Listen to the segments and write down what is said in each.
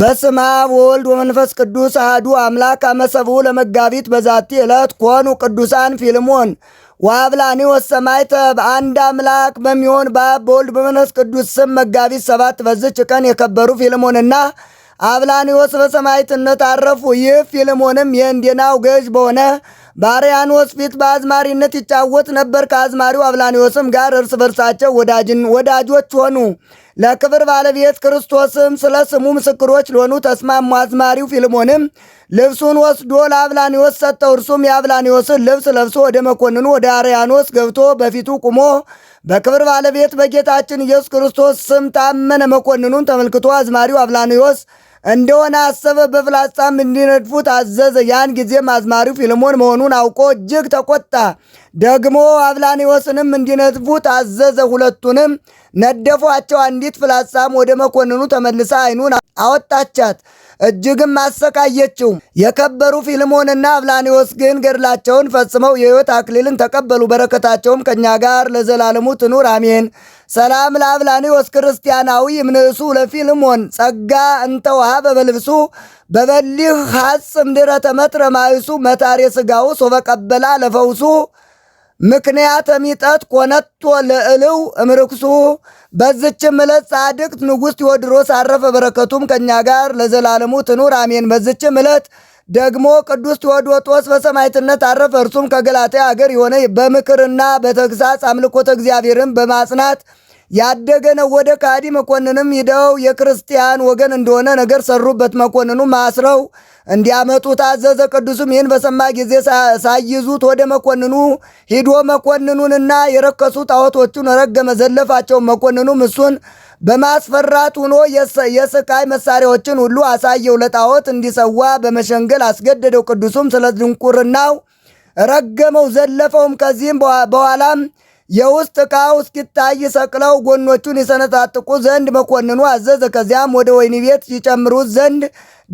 በስመ አብ ወወልድ ወመንፈስ ቅዱስ አህዱ አምላክ አመሰቡ ለመጋቢት በዛቲ ዕለት ኮኑ ቅዱሳን ፊልሞን ወአብላኒ ወሰማዕተ። በአንድ አምላክ በሚሆን በአብ በወልድ በመንፈስ ቅዱስ ስም መጋቢት ሰባት በዝች ቀን የከበሩ ፊልሞንና አብላኒዎስ በሰማይትነት አረፉ። ይህ ፊልሞንም የእንዴናው ገዥ በሆነ በአርያኖስ ፊት በአዝማሪነት ይጫወት ነበር። ከአዝማሪው አብላኒዎስም ጋር እርስ በርሳቸው ወዳጅን ወዳጆች ሆኑ። ለክብር ባለቤት ክርስቶስም ስለ ስሙ ምስክሮች ሊሆኑ ተስማሙ። አዝማሪው ፊልሞንም ልብሱን ወስዶ ለአብላኒዎስ ሰጠው። እርሱም የአብላኒዎስን ልብስ ለብሶ ወደ መኮንኑ ወደ አርያኖስ ገብቶ በፊቱ ቁሞ በክብር ባለቤት በጌታችን ኢየሱስ ክርስቶስ ስም ታመነ። መኮንኑን ተመልክቶ አዝማሪው አብላኒዎስ እንደሆነ አሰበ። በፍላጻም እንዲነድፉት አዘዘ። ያን ጊዜም አዝማሪው ፊልሞን መሆኑን አውቆ እጅግ ተቆጣ። ደግሞ አብላኒዎስንም እንዲነድፉት አዘዘ። ሁለቱንም ነደፏቸው። አንዲት ፍላጻም ወደ መኮንኑ ተመልሳ አይኑን አወጣቻት፣ እጅግም አሰቃየችው። የከበሩ ፊልሞንና አብላኒዎስ ግን ገድላቸውን ፈጽመው የሕይወት አክሊልን ተቀበሉ። በረከታቸውም ከእኛ ጋር ለዘላለሙ ትኑር አሜን። ሰላም ለአብላኒዎስ ክርስቲያናዊ እምንእሱ ለፊልሞን ጸጋ እንተውሃበ በልብሱ በበሊህ ሐጽ እምድረ ተመጥረ ማይሱ መታሬ ሥጋው ሶበቀበላ ለፈውሱ ምክንያት ሚጠት ኮነቶ ለእልው እምርክሱ። በዝችም ዕለት ጻድቅ ንጉሥ ቴዎድሮስ አረፈ። በረከቱም ከእኛ ጋር ለዘላለሙ ትኑር አሜን። በዝችም ዕለት ደግሞ ቅዱስ ቴዎዶጦስ በሰማዕትነት አረፈ። እርሱም ከገላትያ አገር የሆነ በምክርና በተግሳጽ አምልኮተ እግዚአብሔርን በማጽናት ያደገ ነው። ወደ ካዲ መኮንንም ሂደው የክርስቲያን ወገን እንደሆነ ነገር ሰሩበት። መኮንኑም አስረው እንዲያመጡ ታዘዘ። ቅዱስም ይህን በሰማ ጊዜ ሳይዙት ወደ መኮንኑ ሂዶ መኮንኑንና የረከሱ ጣዖቶቹን ረገመ፣ ዘለፋቸው። መኮንኑም እሱን በማስፈራት ሆኖ የስቃይ መሳሪያዎችን ሁሉ አሳየው፣ ለጣዖት እንዲሰዋ በመሸንገል አስገደደው። ቅዱሱም ስለ ድንቁርናው ረገመው፣ ዘለፈውም። ከዚህም በኋላም የውስጥ ዕቃው እስኪታይ ሰቅለው ጎኖቹን ይሰነጣጥቁ ዘንድ መኮንኑ አዘዘ። ከዚያም ወደ ወይኒ ቤት ይጨምሩት ዘንድ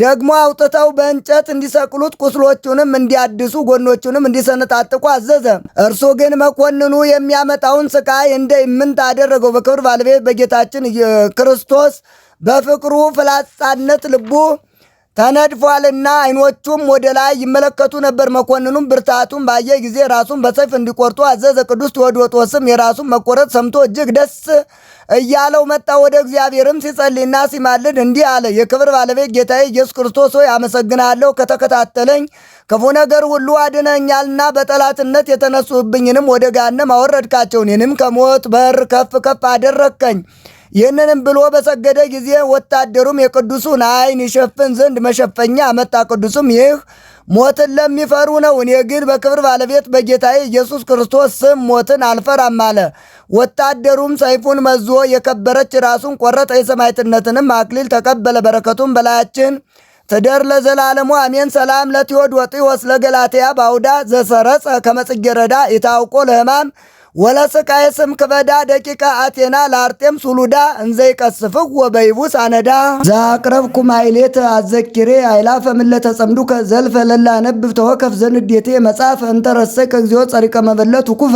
ደግሞ አውጥተው በእንጨት እንዲሰቅሉት ቁስሎቹንም እንዲያድሱ ጎኖቹንም እንዲሰነጣጥቁ አዘዘ። እርሱ ግን መኮንኑ የሚያመጣውን ስቃይ እንደ ምንት አደረገው። በክብር ባለቤት በጌታችን ክርስቶስ በፍቅሩ ፍላጻነት ልቡ ተነድፏልና አይኖቹም ወደ ላይ ይመለከቱ ነበር። መኮንኑም ብርታቱን ባየ ጊዜ ራሱን በሰይፍ እንዲቆርጡ አዘዘ። ቅዱስ ቴዎዶጦስም የራሱን መቆረጥ ሰምቶ እጅግ ደስ እያለው መጣ። ወደ እግዚአብሔርም ሲጸልይና ሲማልድ እንዲህ አለ። የክብር ባለቤት ጌታዬ ኢየሱስ ክርስቶስ ሆይ አመሰግናለሁ። ከተከታተለኝ ክፉ ነገር ሁሉ አድነኛልና በጠላትነት የተነሱብኝንም ወደ ጋነም አወረድካቸው። እኔንም ከሞት በር ከፍ ከፍ አደረግከኝ። ይህንንም ብሎ በሰገደ ጊዜ ወታደሩም የቅዱሱን ዓይን ይሸፍን ዘንድ መሸፈኛ አመጣ ቅዱሱም ይህ ሞትን ለሚፈሩ ነው፣ እኔ ግን በክብር ባለቤት በጌታዬ ኢየሱስ ክርስቶስ ስም ሞትን አልፈራም አለ። ወታደሩም ሰይፉን መዞ የከበረች ራሱን ቆረጠ፣ የሰማዕትነትንም አክሊል ተቀበለ። በረከቱም በላያችን ትደር ለዘላለሙ አሜን። ሰላም ለቴዎዶጢዎስ ለገላትያ ባውዳ ዘሰረጸ ከመጽጌረዳ የታውቆ ለህማም ወለስቃየ ስም ክበዳ ደቂቃ አቴና ለአርጤም ሱሉዳ እንዘይ ቀስፍህ ወበይቡስ አነዳ ዘአቅረብኩ ማይሌት አዘኪሬ አይላፈ ምለተ ጸምዱከ ዘልፈ ለላ ነብብ ተወከፍ ዘንዴቴ መጽሐፍ እንተረሰይ ከግዚኦ ጸሪቀ መበለት ኩፈ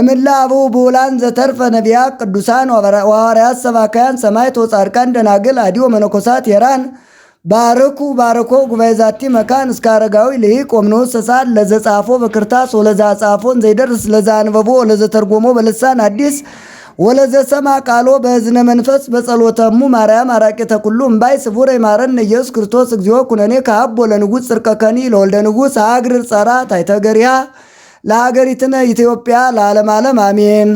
እምላ አበው ብውላን ዘተርፈ ነቢያ ቅዱሳን ዋርያት ሰባካያን ሰማይት ወጻድቃን ደናግል አዲዮ መነኮሳት የራን ባርኩ ባርኮ ጉባኤ ዛቲ መካን እስከ አረጋዊ ልሂቅ ወምኖስ ሰሳል ለዘ ጻፎ በክርታስ ወለዛ ጻፎን ዘይደርስ ለዛ አንበቦ ወለዘ ተርጎሞ በልሳን አዲስ ወለዘ ሰማ ቃሎ በእዝነ መንፈስ በጸሎተሙ ማርያም አራቄ ተኩሉ እምባይ ስቡር ይማረን ኢየሱስ ክርስቶስ እግዚኦ ኩነኔ ከአቦ ለንጉሥ ጽርቀከኒ ለወልደ ንጉሥ አግር ጸራ ታይተገሪያ ለሀገሪትነ ኢትዮጵያ ለዓለም ዓለም አሜን።